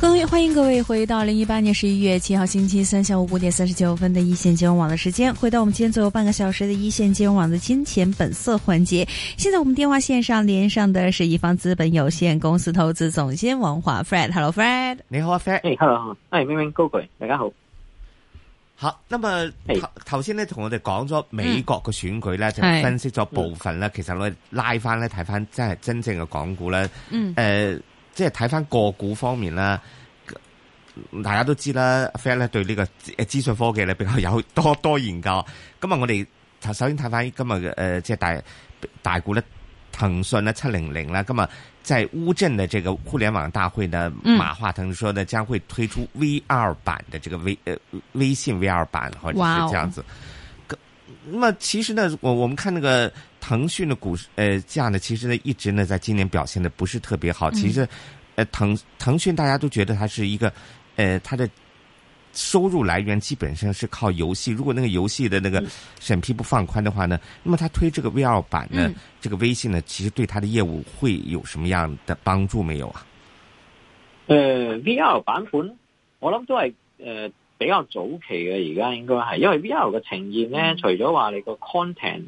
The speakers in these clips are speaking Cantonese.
歡迎歡迎各位回到二零一八年十一月七號星期三下午五點三十九分的一線金融網的時間。回到我們今天最後半個小時的一線金融網的金錢本色環節。現在我們電話線上連上的是一方資本有限公司投資總監王華 Fred。Hello Fred，你好 Fred，Hello，哎明明高舉大家好。好，那麼頭頭先，hey. 呢同我哋講咗美國嘅選舉呢，就，嗯，分析咗部分呢。嗯，其實我拉翻呢，睇翻，真係真正嘅港股呢。嗯誒。呃即係睇翻個股方面啦，大家都知啦、這個。阿 Fair 對呢個資訊科技咧比較有多多研究。咁啊我哋首先睇翻今日誒，即係大大股咧，騰訊咧七零零啦。今日在烏鎮的這個互聯網大會呢，嗯、馬化騰說呢將會推出 VR 版的這個微誒微信 VR 版，或者是這樣子。咁、wow，咁啊，其實呢，我我們看那個。騰訊的股市呃，價呢，其實呢一直呢在今年表現的不是特別好。其實，呃，騰騰訊大家都覺得它是一個呃，它的收入來源基本上是靠遊戲。如果那個遊戲的那個審批不放寬的話呢，那麼它推這個 VR 版呢，這個微信呢，其實對它的業務會有什麼樣的幫助沒有啊？呃，VR 版本我諗都係呃比較早期嘅，而家應該係因為 VR 嘅呈現呢，除咗話你個 content。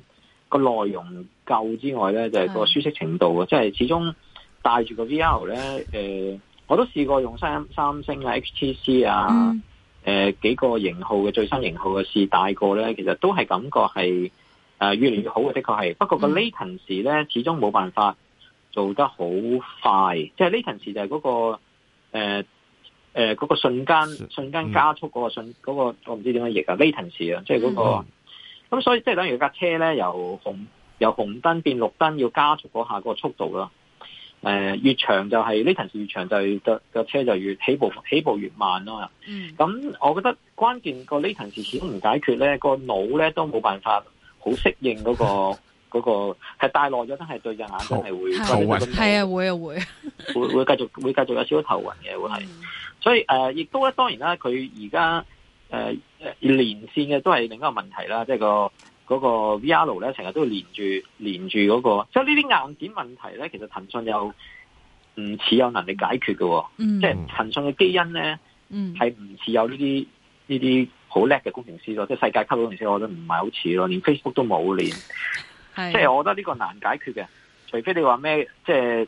個內容夠之外咧，就係、是、個舒適程度啊！即係、就是、始終帶住個 V R 咧，誒、呃，我都試過用三三星、HTC、啊、H T C 啊，誒、呃、幾個型號嘅最新型號嘅試帶過咧，其實都係感覺係誒、呃、越嚟越好嘅，的確係。不過個 latency 咧、嗯、始終冇辦法做得好快，即、就、係、是、latency 就係嗰、那個誒誒嗰個瞬間瞬間加速嗰個瞬，嗰個我唔知點樣譯啊，latency 啊，即係嗰個。咁、嗯、所以即係等於架車咧，由紅由紅燈變綠燈，要加速嗰下那個速度咯。誒、呃，越長就係呢層時，越長就個、是、個車就越，越起步起步越慢咯。嗯。咁、嗯嗯、我覺得關鍵、那個呢層事始終唔解決咧，那個腦咧都冇辦法好適應嗰、那個嗰、 那個係戴耐咗，了但是真係對隻眼真係會頭暈，係 啊，會啊會，會繼 會繼續會繼續有少少頭暈嘅會係、嗯。所以誒，亦、呃、都咧，當然啦，佢而家誒。呃連線嘅都係另一個問題啦，即係個嗰個 VR 咧，成日都連住連住嗰個，所以呢啲硬件問題咧，其實騰訊有唔似有能力解決嘅，嗯，即係騰訊嘅基因咧，嗯，係唔似有呢啲呢啲好叻嘅工程師咯，即係世界級嘅工程師，程師，我覺得唔係好似咯，連 Facebook 都冇連，係，即係我覺得呢個難解決嘅，除非你話咩，即係。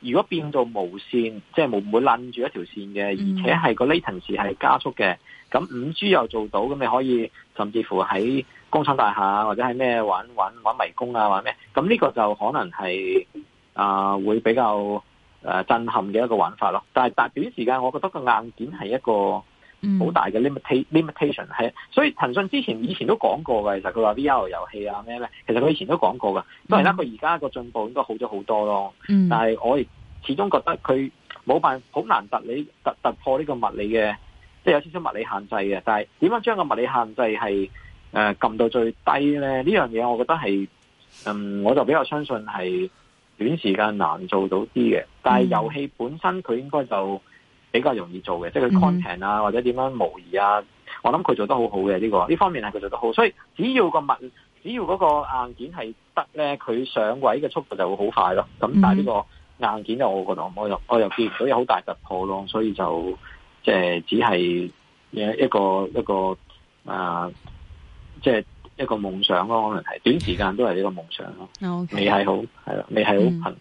如果變到無線，即係冇唔會攬住一條線嘅，而且係個 latency 係加速嘅，咁五 G 又做到，咁你可以甚至乎喺工廠大廈或者喺咩玩玩玩迷宮啊，玩咩？咁呢個就可能係啊、呃、會比較、呃、震撼嘅一個玩法咯。但係短時間，我覺得個硬件係一個。好、mm. 大嘅 limit limitation 係，所以騰訊之前以前都講過嘅，其實佢話 VR 遊戲啊咩咧，其實佢以前都講過噶。因為佢而家個進步應該好咗好多咯。Mm. 但係我亦始終覺得佢冇辦好難突你突突破呢個物理嘅，即係有少少物理限制嘅。但係點樣將個物理限制係誒撳到最低咧？呢樣嘢我覺得係，嗯，我就比較相信係短時間難做到啲嘅。但係遊戲本身佢應該就。比較容易做嘅，即係佢 content 啊，或者點樣模擬啊，我諗佢做得好好嘅呢個呢方面係佢做得好，所以只要個物，只要嗰個硬件係得咧，佢上位嘅速度就會好快咯。咁但係呢個硬件，就我覺得我又我又見唔到有好大突破咯，所以就即係、就是、只係一一個一個啊，即、呃、係、就是、一個夢想咯，可能係短時間都係呢個夢想咯、 okay.。未係好係啦，未係好近。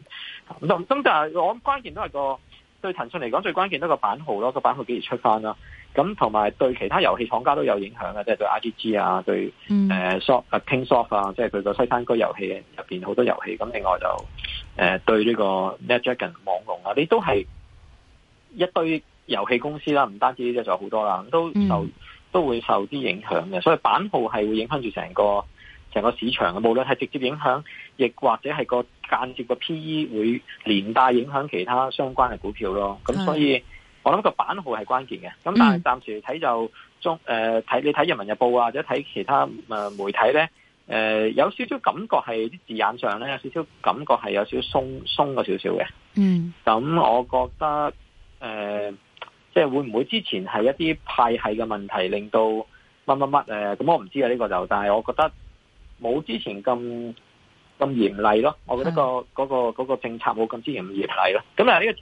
咁咁就我關鍵都係個。對騰訊嚟講，最關鍵都個版號咯，個版號幾時出翻啦？咁同埋對其他遊戲廠家都有影響嘅，即係對 RGG 啊，對誒、嗯啊、Soft 啊 Kingsoft 啊，即係佢個西山居遊戲入邊好多遊戲。咁另外就誒、呃、對呢個 NetDragon 網龍啊，呢都係一堆遊戲公司啦，唔單止呢隻就好多啦，都受、嗯、都會受啲影響嘅。所以版號係會影響住成個。成個市場嘅，無論係直接影響，亦或者係個間接個 PE 會連帶影響其他相關嘅股票咯。咁所以，我諗個版號係關鍵嘅。咁但係暫時睇就中誒，睇、呃、你睇人民日報、啊、或者睇其他誒媒體呢，誒、呃、有少少感覺係啲字眼上呢，有少少感覺係有少少鬆鬆過少少嘅。嗯。咁我覺得誒，即、呃、係、就是、會唔會之前係一啲派系嘅問題令到乜乜乜誒？咁、呃、我唔知啊，呢、這個就，但係我覺得。冇之前咁咁嚴厲咯，我覺得、嗰個嗰、嗰個嗰、嗰個、政策冇咁之前咁嚴厲咯。咁啊呢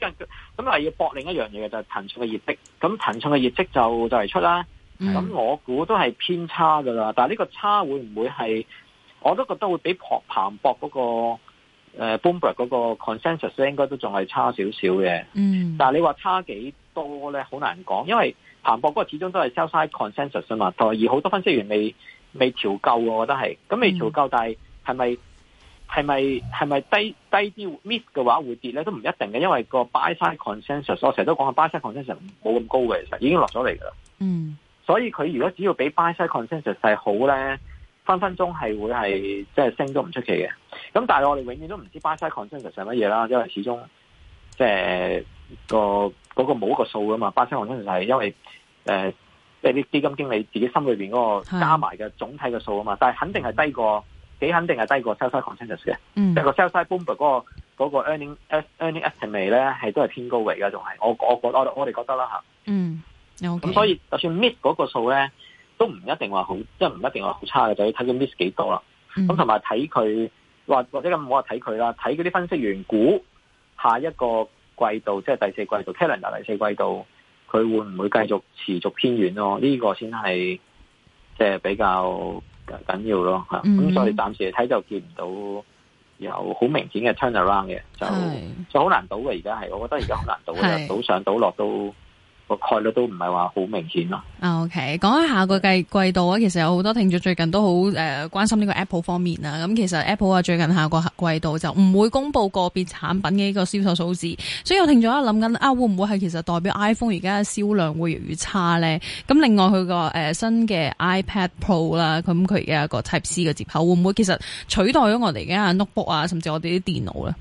個咁啊要搏另一樣嘢嘅就係騰訊嘅業績。咁騰訊嘅業績就就係、是、出啦。咁我估都係偏差噶啦。但係呢個差會唔會係我都覺得會比彭博嗰、嗰個 Bloomberg 嗰個 consensus 應該都仲係差少少嘅。嗯。但你話差幾多咧，好難講，因為彭博嗰個始終都係 sell side consensus 啊嘛。同埋而好多分析員你。未調，未調夠，我覺得係，咁未調夠，但係係咪係咪係咪低低啲 miss 嘅話會跌咧？都唔一定嘅，因為個 buy side consensus、嗯、我成日都講，個 buy side consensus 冇咁高嘅，其實已經落咗嚟噶啦。嗯，所以佢如果只要比 buy side consensus 係好咧，分分鐘係會係即係升都唔出奇嘅。咁但係我哋永遠都唔知 buy side consensus 係乜嘢啦，因為始終即係、就是那個嗰、那個冇一個數噶嘛。buy side consensus 係因為誒。呃即係啲基金經理自己心裏邊嗰個加埋嘅總體嘅數啊嘛，但係肯定係低過幾肯定係低過 sell side consensus 嘅，即、嗯、係、嗰個 sell side Bloomberg 嗰個 earning earning estimate 咧係都係偏高嚟噶，仲係我我，我，我，我，我覺得我哋覺得啦吓。嗯，咁、okay. 所以就算 miss 嗰個數咧，都唔一定話好，即係唔一定話好差嘅，就要睇佢 miss 幾多啦。咁同埋睇佢或或者咁，我話睇佢啦，睇嗰啲分析員估下一個季度即係第四季度 calendar 第四季度。佢會唔會繼續持續偏軟咯？呢個先係即係比較緊要咯嚇。咁、mm -hmm. 所以暫時睇就見唔到有好明顯嘅 turnaround 嘅，就就好難倒嘅。而家係，我覺得而家好難倒嘅，倒上倒落都。個概率都唔係話好明顯咯。OK，講下下個季度啊，其實有好多聽眾最近都好誒關心呢個 Apple 方面啊。咁其實 Apple 啊，最近下個季度就唔會公布個別產品嘅一個銷售數字。所以我聽咗一諗緊啊，會唔會係其實代表 iPhone 而家嘅銷量會越嚟越差呢？咁另外佢個誒新嘅 iPad Pro 啦，咁佢嘅一個 Type C 嘅接口會唔會其實取代咗我哋而家嘅 notebook 啊，甚至我哋啲電腦呢？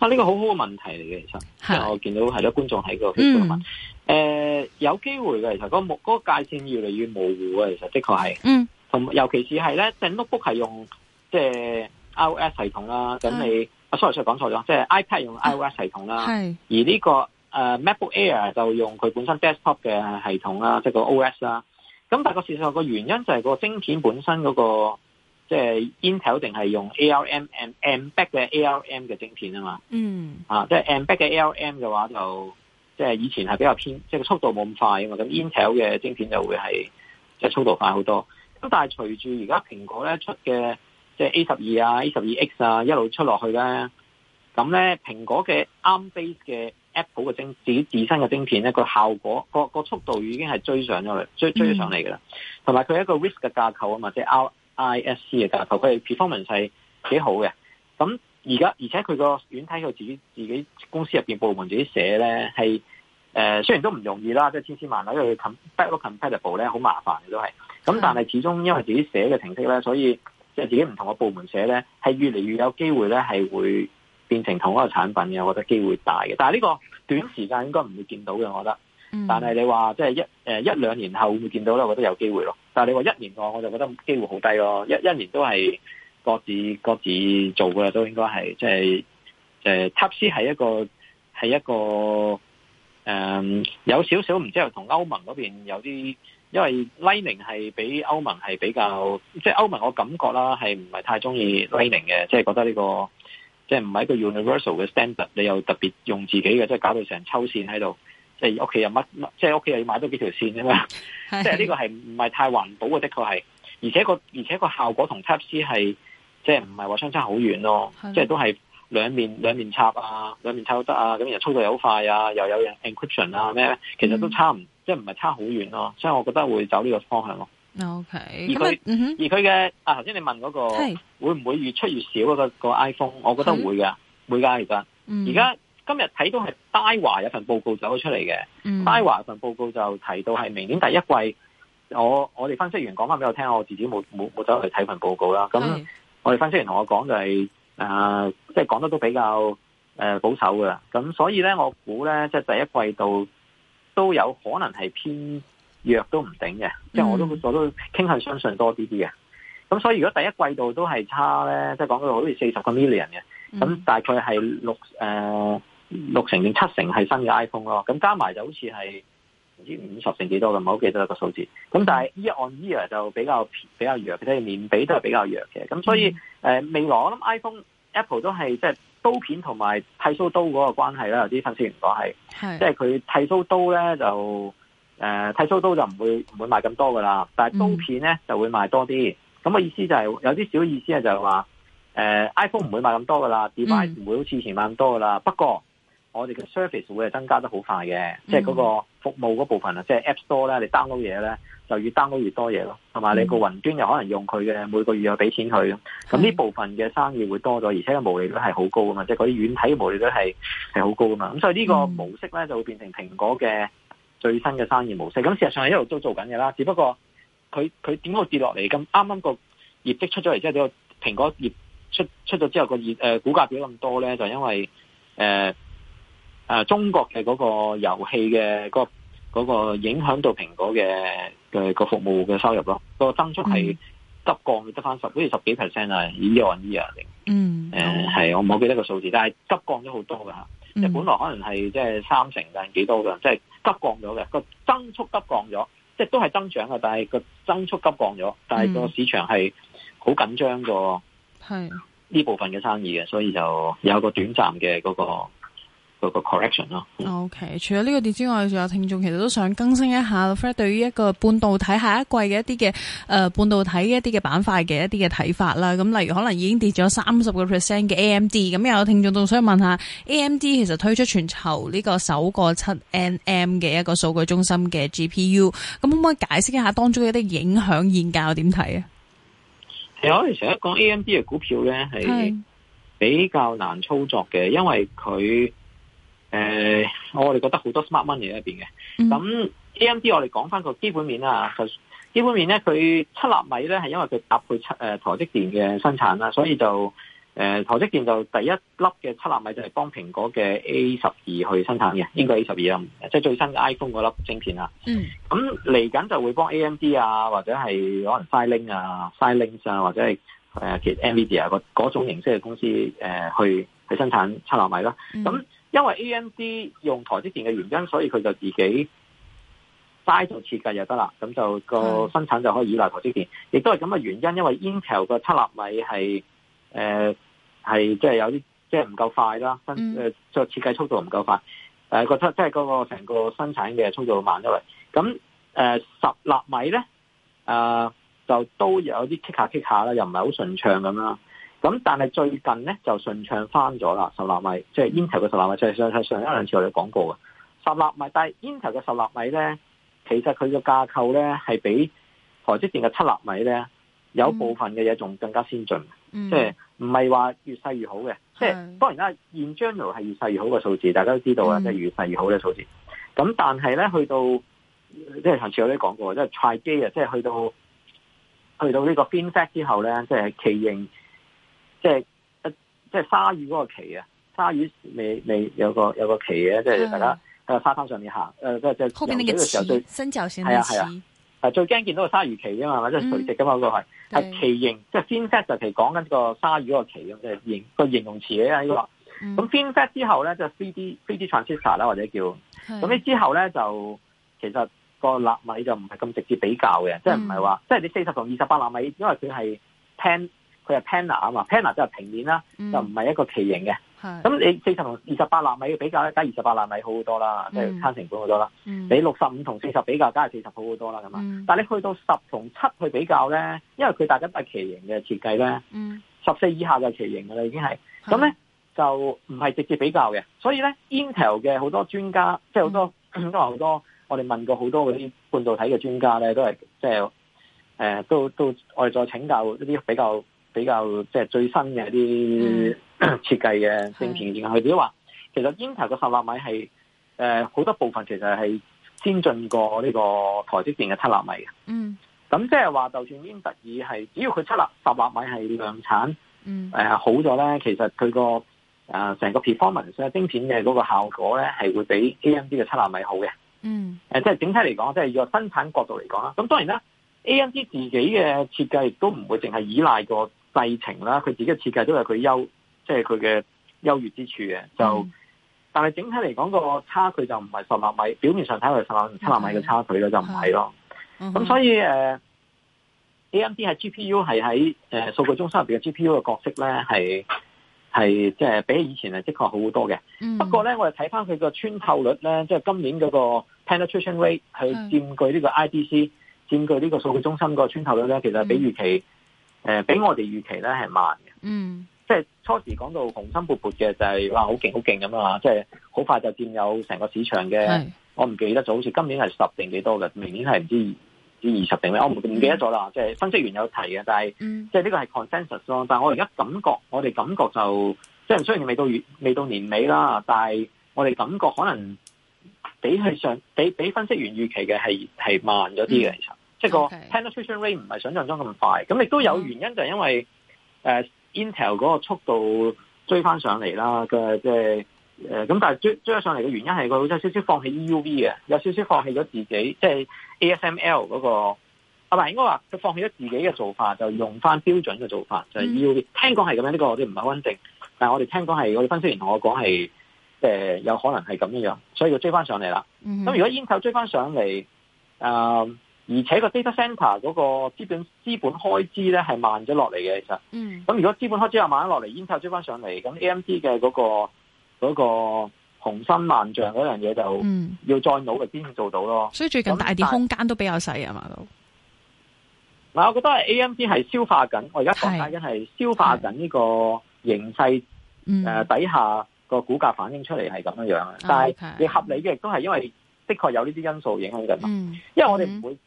呢、啊這個好好嘅問題嚟嘅，其實，即我見到係多觀眾喺個 Facebook 問，有機會嘅，其實嗰、那個幕、那個、界線越嚟越模糊啊，其實的確係，同、嗯、尤其是係咧、整、這個、notebook 係用即係、就、iOS、是、系統啦，咁你啊 sorry sorry 講錯咗，即、就、係、是、iPad 用 iOS 系統啦，而呢、這個誒、呃、MacBook Air 就用佢本身 desktop 嘅系統啦，即、就是、個 OS 啦，咁但係個事實上個原因就係個晶片本身嗰、那個。即係 Intel 定係用 ARM and and back 嘅 ARM 嘅晶片啊嘛，嗯、mm.，啊，即係 a back 嘅 ARM 嘅話就，即係以前係比較偏，即係速度冇咁快啊嘛，咁 Intel 嘅晶片就會係，即係速度快好多。咁但係隨住而家蘋果咧出嘅，即係 A 十二啊，A 十二 X 啊，一路出落去咧，咁咧蘋果嘅 Arm based 嘅 Apple 嘅晶，自己自身嘅晶片咧個效果，個個速度已經係追上咗嚟，追追上嚟噶啦，同埋佢一個 Risk 嘅架構啊嘛，即係 ISC 嘅架構，佢嘅 performance 係幾好嘅。咁而家，而且佢個軟體佢自己自己公司入邊部門自己寫咧，係誒、呃、雖然都唔容易啦，即係千千萬萬，因為佢 comp、compatible 咧好麻煩嘅都係。咁但係始終因為自己寫嘅程式咧，所以即係自己唔同嘅部門寫咧，係越嚟越有機會咧係會變成同一個產品嘅。我覺得機會大嘅，但係呢個短時間應該唔會見到嘅，我覺得。嗯、但係你話即係一誒一兩年後會見到咧，我覺得有機會咯。但係你話一年內，我就覺得機會好低咯。一一年都係各自各自做嘅，都應該係即係誒，Type-C 係一個係一個誒、嗯，有少少唔知係同歐盟嗰邊有啲，因為 Lightning 係比歐盟係比較，即係歐盟我的感覺啦，係唔係太中意 Lightning 嘅，即係覺得呢、呢個即係唔係一個 universal 嘅 standard，你又特別用自己嘅，即係搞到成抽線喺度。即係屋企又乜？即係屋企又要買多幾條線啊嘛！即係呢個係唔係太環保嘅，的確係。而且、那個而且個效果同 Type C 係，即係唔係話相差好遠咯。即係都係兩面兩面插啊，兩面插都得啊。咁又速度又好快啊，又有人 Encryption 啊咩？其實都差唔、嗯，即係唔係差好遠咯。所以我覺得會走呢個方向咯。O、okay、K。而佢、嗯，而佢嘅啊頭先你問嗰、那個會唔會越出越少嗰、那個那個 iPhone，我覺得會㗎，會噶家，而家。嗯今日睇到係戴華有份報告走咗出嚟嘅，戴、嗯、華有一份報告就提到係明年第一季，我我哋分析員講翻俾我聽，我自己冇冇冇走去睇份報告啦。咁我哋分析員同我講、呃、就係即係講得都比較、呃、保守啦。咁所以咧，我估咧即係第一季度都有可能係偏弱都唔定嘅，即、嗯、係、就是、我都我都傾向相信多啲啲嘅。咁所以如果第一季度都係差咧，即、就、係、是、講到好似四十個 million 嘅，咁大概係六誒。呃六成定七成係新嘅 iPhone 咯，咁加埋就好似係唔知五十成幾多嘅，唔係好記得一個數字。咁但係 year on year 就比較比較弱，即係面比都係比較弱嘅。咁、嗯、所以誒未來我諗 iPhone Apple 都係即係刀片同埋剃鬚刀嗰個關係啦。有啲分析員講係，是即係佢剃鬚刀咧就誒、呃、剃鬚刀就唔會唔會賣咁多噶啦，但係刀片咧、嗯、就會賣多啲。咁、那、嘅、個、意思就係、是、有啲小意思係就係話誒 iPhone 唔會賣咁多噶啦，只賣唔會好似前賣咁多噶啦。不過我哋嘅 service 會係增加得好快嘅，即係嗰個服務嗰部分啊，即係 App Store 咧，你 download 嘢,咧，就越 download 越多嘢咯，同埋你個雲端又可能用佢嘅，每個月又俾錢佢，咁呢部分嘅生意會多咗，而且個毛利率係好高啊嘛，即係嗰啲軟體毛利率係係好高啊嘛。咁所以呢個模式咧就會變成蘋果嘅最新嘅生意模式。咁事實上係一路都做緊嘅啦，只不過佢佢點解跌落嚟咁？啱啱個業績出咗嚟之後，蘋果業出出咗之後、那個誒、呃、股價跌咗咁多咧，就因為誒。呃誒、啊、中國嘅嗰個遊戲嘅嗰嗰個影響到蘋果嘅嘅、個服務嘅收入咯，個增速係急降咗，跌得返十好似十幾 percent、嗯、啊，year on year 嗯誒係，我冇記得個數字，但係急降咗好多㗎吓，即、嗯、本來可能係即係三成定幾多㗎，即、就、係、係、急降咗嘅個增速急降咗，即係都係增長嘅，但係個增速急降咗，但係個市場係好緊張個係呢部分嘅生意嘅，所以就有個短暫嘅嗰個。Correction okay, 個 correction 咯。O K，除咗呢個跌之外，仲有聽眾其實都想更新一下 Frank 對於一個半導體下一季嘅一啲嘅誒半導體一啲嘅板塊嘅一啲嘅睇法啦。咁例如可能已經跌咗三十個 percent 嘅 AMD，咁有聽眾仲想問下 AMD 其實推出全球呢個首個七 nm 嘅一個數據中心嘅 GPU，咁可唔可以解釋一下當中一啲影響現價我點睇啊？係其實我哋成日講 AMD 嘅股票咧，係比較難操作嘅，因為佢。誒、呃，我哋覺得好多 smart money 喺入面嘅。咁、嗯、A.M.D. 我哋講翻個基本面啦，就基本面咧，佢七納米咧係因為佢搭配七誒、呃、台積電嘅生產啦，所以就誒、呃、台積電就第一粒嘅七納米就係幫蘋果嘅 A 十二去生產嘅、嗯，應該 A 十二啊，即、就、係、是、最新嘅 iPhone 嗰粒晶片啦。咁嚟緊就會幫 A.M.D. 啊，或者係可能 Silicon 啊、Silicon 啊，或者係誒其實 Nvidia 嗰種形式嘅公司誒、呃、去去生產七納米啦。咁、嗯因為 AMD 用台積電嘅原因，所以佢就自己齋做設計就得啦，咁就個生產就可以依賴台積電。亦都係咁嘅原因，因為 Intel 個七納米係誒係即係有啲即係唔夠快啦，誒即係設計速度唔夠快，誒覺得即係嗰個成個生產嘅速度好慢因為。咁誒十納米咧誒、呃、就都有啲棘下棘下啦，又唔係好順暢咁啦。咁但係最近咧就順暢翻咗啦，十納米即係 Intel 嘅十納米，即、就、係、是就是、上一上一兩次我哋講過嘅十納米。但係 Intel 嘅十納米咧，其實佢嘅架構咧係比台積電嘅七納米咧有部分嘅嘢仲更加先進，即係唔係話越細越好嘅。即、嗯、係、就是、當然啦，in general 係越細越好嘅數字，大家都知道啦，即、就、係、是、越細越好嘅數字。咁、嗯、但係咧去到即係、就是、上次我哋講過，即係賽機啊，即係去到去到呢個 FinFET 之後咧，即係企形。即係一即係鯊魚嗰個鰭啊，鯊魚未未有個有個鰭嘅、啊，即係大家喺沙灘上面行，誒即係即係嗰個時候最、那個、是新係啊係啊，係最驚見到個鯊魚鰭啊嘛，或者垂直噶嘛嗰個係，係鰭形即係 fin shape 就係講緊個鯊魚嗰個鰭，咁、即、就、係、是、形個形容詞嚟嘅呢個。咁 fin shape 之後咧就 three、是、D three D transistor 啦，或者叫，咁呢之後咧就其實個納米就唔係咁直接比較嘅、嗯，即係唔係話即係你四十同二十八納米，因為佢係 ten 佢係 panner 啊嘛，panner 即係平面啦、嗯，就唔係一個奇形嘅。咁你四十同二十八納米嘅比較咧，梗係二十八納米好好多啦，即係慳成本好多啦、嗯。你六十五同四十比較，梗係四十好好多啦咁啊。但係你去到十同七去比較咧，因為佢大家都係奇形嘅設計咧，十、嗯、四以下就奇形噶啦，已經係咁咧就唔係直接比較嘅。所以咧，Intel 嘅好多專家，即係好多都話好多，嗯、多我哋問過好多嗰啲半導體嘅專家咧，都係即係誒都都我哋再請教一啲比較。比較即係最新嘅一啲、嗯、設計嘅晶片，然後佢哋話其實 Intel 嘅十納米係誒好多部分其實係先進過呢個台積電嘅七納米嘅。嗯，咁即係話就算英特爾係只要佢七納、十納米係量產，嗯，誒、呃、好咗咧，其實佢個誒成個 performance 啊、晶片嘅嗰個效果咧係會比 AMD 嘅七納米好嘅。嗯，誒即係整體嚟講，即係個生產角度嚟講啦。咁當然啦，AMD 自己嘅設計亦都唔會淨係依賴過。製程啦，佢自己嘅設計都係佢優，即係佢嘅優越之處嘅。就、mm -hmm. 但係整體嚟講個差距就唔係十萬米，表面上睇落十萬、七萬米嘅差距咯，就唔係咯。咁所以誒、啊、，A M D 係 G P U 係喺、呃、數據中心入面嘅 G P U 嘅角色咧，係係即係比起以前係的確好好多嘅。Mm -hmm. 不過咧，我哋睇翻佢個穿透率咧，即、就、係、是、今年嗰個 penetration rate 係佔據呢個 I D C 佔據呢個數據中心個穿透率咧，其實比預期、mm。-hmm. 誒、呃，比我哋預期咧係慢嘅。嗯，即係初時講到雄心勃勃嘅，就係哇好勁好勁咁啊！即係好快就佔有成個市場嘅。我唔記得咗，好似今年係十定幾多嘅，明年係唔知，唔二十定咩，我唔唔記得咗啦。即、嗯、係、就是、分析員有提嘅，但係、嗯、即係呢個係 consensus 咯。但係我而家感覺，我哋感覺就即係雖然未到月，未到年尾啦，嗯、但係我哋感覺可能比係上比比分析員預期嘅係係慢咗啲嘅。嗯即係個 penetration rate 唔係想象中咁快，咁亦都有原因，就係因為誒、嗯呃、Intel 嗰個速度追翻上嚟啦。嘅即係咁，但係追追得上嚟嘅原因係佢有少少放棄 EUV 嘅，有少少放棄咗自己，即、就、係、是、ASML 嗰、那個啊，唔係應該話佢放棄咗自己嘅做法，就用翻標準嘅做法，就是、EUV、嗯。聽講係咁樣，呢、這個我哋唔係好穩定，但係我哋聽講係我哋分析員同我講係誒、呃、有可能係咁樣，所以要追翻上嚟啦。咁、嗯、如果 Intel 追翻上嚟，誒、呃。而且個 data centre 嗰個資本資本開支咧係慢咗落嚟嘅，其實。嗯。咁如果資本開支又慢咗落嚟，Intel 追翻上嚟，咁 A M D 嘅嗰、嗰個嗰雄、嗰個、心萬丈嗰樣嘢就、嗯、要再努力先做到咯。所以最近大啲空間都比較細係嘛？嗱、啊，我覺得 A M D 係消化緊，我而家講緊係消化緊呢個形勢底下個股價反映出嚟係咁樣、嗯、但係你、okay. 合理嘅，都係因為的確有呢啲因素影響緊、嗯。因為我哋唔會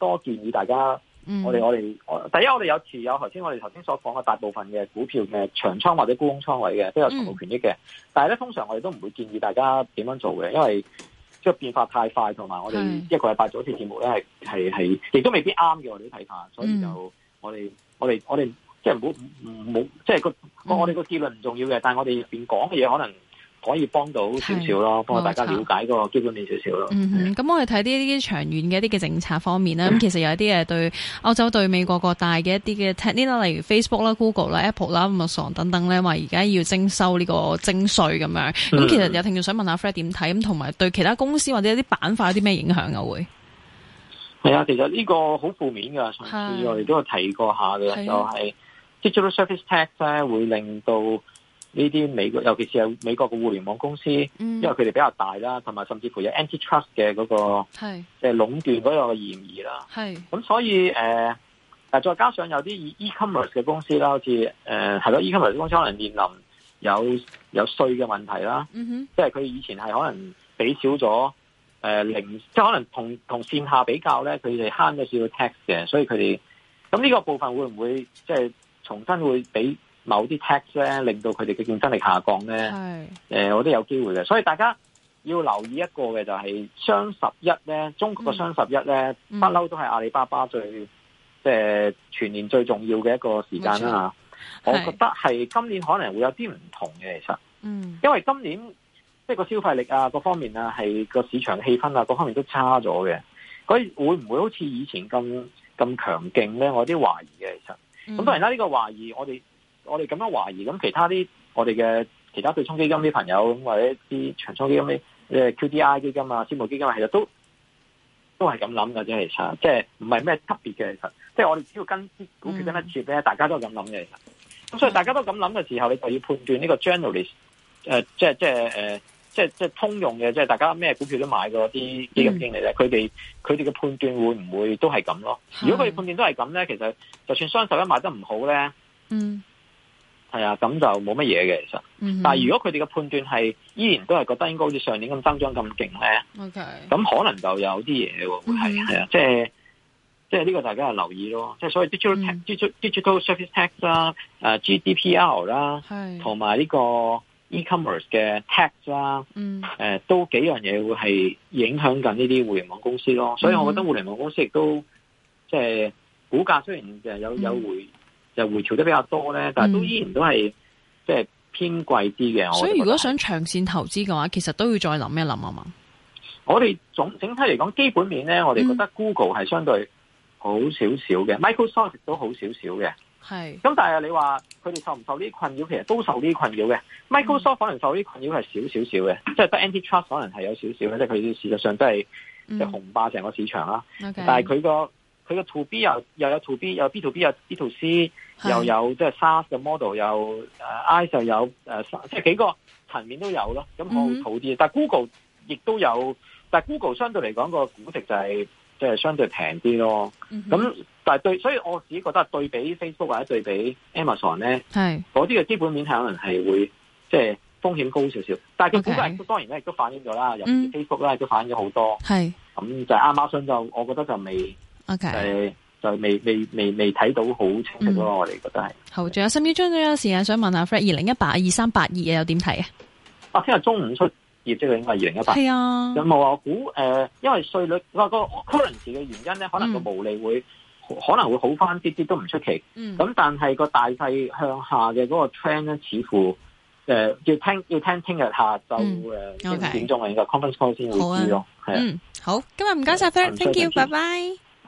多建議大家，嗯、我哋我哋，第一我哋有持有頭先我哋頭先所講嘅大部分嘅股票嘅長倉或者沽空倉位嘅，都有財務權益嘅、嗯。但係咧，通常我哋都唔會建議大家點樣做嘅，因為即係變化太快，同埋我哋一個禮拜做一次節目咧，係係係亦都未必啱嘅我哋都睇下，所以就、嗯、我哋我哋我哋即係唔好唔好，即係個我哋個、即係、結論唔重要嘅，但係我哋入邊講嘅嘢可能。可以幫到少少咯，幫大家了解個基本面少少咯。嗯咁我哋睇啲長遠嘅一啲嘅政策方面啦。咁、嗯、其實有啲誒對歐洲對美國各大嘅一啲嘅 technical 呢啲啦，例如 Facebook 啦、Google 啦、Apple 啦、Amazon 等等咧，話而家要徵收呢個徵稅咁樣。咁、嗯、其實有聽眾想問下 Fred 點睇咁，同埋對其他公司或者一啲板塊有啲咩影響啊？會係啊，其實呢個好負面噶。上次我哋都有提過下嘅、就係，就係 digital service tax 呢，會令到。呢啲美國，尤其是係美國嘅互聯網公司，嗯、因為佢哋比較大啦，同埋甚至乎有 Antitrust 嘅嗰、嗰個，即係、就是、壟斷嗰個嫌疑啦。咁，所以、呃、再加上有啲 e-commerce 嘅公司啦，好似誒、呃、係咯，e-commerce 嘅公司可能面臨有有稅嘅問題啦。嗯、哼，即係佢以前係可能俾少咗、呃、零，即係可能同同線下比較咧，佢哋慳咗少少 tax 嘅，所以佢哋咁呢個部分會唔會即係、就是、重新會俾？某啲 tax 咧令到佢哋嘅競爭力下降咧、呃，我都有機會嘅。所以大家要留意一個嘅就係雙十一咧，中國嘅雙十一咧，不、嗯、嬲都係阿里巴巴最即係、呃、全年最重要嘅一個時間啦嚇。我覺得係今年可能會有啲唔同嘅，其實，因為今年即係個消費力啊，各方面啊，係個、啊、市場氣氛啊，各方面都差咗嘅，所以會唔會好似以前咁咁強勁咧？我有啲懷疑嘅，其實，咁、嗯、當然啦，呢、這個懷疑我哋。我哋咁樣懷疑，咁其他啲我哋嘅其他對沖基金啲朋友，咁或者啲長倉基金啲、嗯、，QDII 基金啊、私募基金啊，其實都都係咁諗嘅啫。其實即係唔係咩特別嘅，其實即係我哋只要跟啲股票跟得切咧，大家都係咁諗嘅。咁、嗯、所以大家都咁諗嘅時候，你就要判斷呢個 generalist 誒、呃，即係即係誒，即係、呃、即係通用嘅，即係大家咩股票都買過啲基金經理咧，佢哋佢哋嘅判斷會唔會都係咁咯？如果佢哋判斷都係咁咧，其實就算雙十一賣得唔好咧，嗯。係啊，咁就冇乜嘢嘅其實，但係如果佢哋嘅判斷係依然都係覺得應該好似上年咁增長咁勁咧，咁可能就有啲嘢喎，係係啊，即係即係呢個大家就留意咯，即係所謂 digital t a digital service tax 啦，GDPR 啦，同埋呢個 e-commerce 嘅 tax 啦，都幾樣嘢會係影響緊呢啲互聯網公司咯，所以我覺得互聯網公司亦都即係股價雖然就有有回。就回潮得比較多咧，但係都依然都係即係偏貴啲嘅。所、嗯、以如果想長線投資嘅話，其實都要再諗一諗啊嘛。我哋總整體嚟講，基本面咧、嗯，我哋覺得 Google 係相對好少少嘅，Microsoft 都好少少嘅。咁但係你話佢哋受唔受呢啲困擾，其實都受呢啲困擾嘅。Microsoft、嗯、可能受呢啲困擾係少少少嘅，即係得 Antitrust 可能係有少少嘅，即係佢事實上都係即係紅霸成個市場啦。嗯 okay。但係佢個。佢個 to B 又又有 to B，有 B to B 又 B to C，又有即係 SAAS 嘅 model，又誒 I 就有誒，即係幾個層面都有咯。咁好好啲，但係 Google 亦都有，但係 Google 相對嚟講個估值就係即係相對平啲咯。咁、mm -hmm. 但係對，所以我自己覺得對比 Facebook 或者對比 Amazon 咧，係嗰啲嘅基本面係可能係會即係、就是、風險高少少。但係佢估價當然咧亦都反映咗啦，尤其 Facebook 咧亦都反映咗好多。係、mm、咁 -hmm. 嗯、就 Amazon 就我覺得就未。係、okay.，就未未未未睇到好清晰咯、啊嗯，我哋覺得係。好，仲有十秒鐘有時間，想問下 Fred，二零一八二三八二又點睇啊？啊，聽日中午出業績嘅、就是、應該二零一八。係啊。有冇啊？估、呃、誒，因為稅率、呃那個個 current 嘅原因咧，可能個毛利會、嗯、可能會好翻啲啲都唔出奇。咁、嗯、但係個大勢向下嘅嗰個 trend 咧，似乎誒、呃、要聽要聽聽日下晝誒幾點鐘應該 conference call 先會知咯。好啊。嗯、好，今日唔該晒 Fred，thank、yeah, you，拜拜。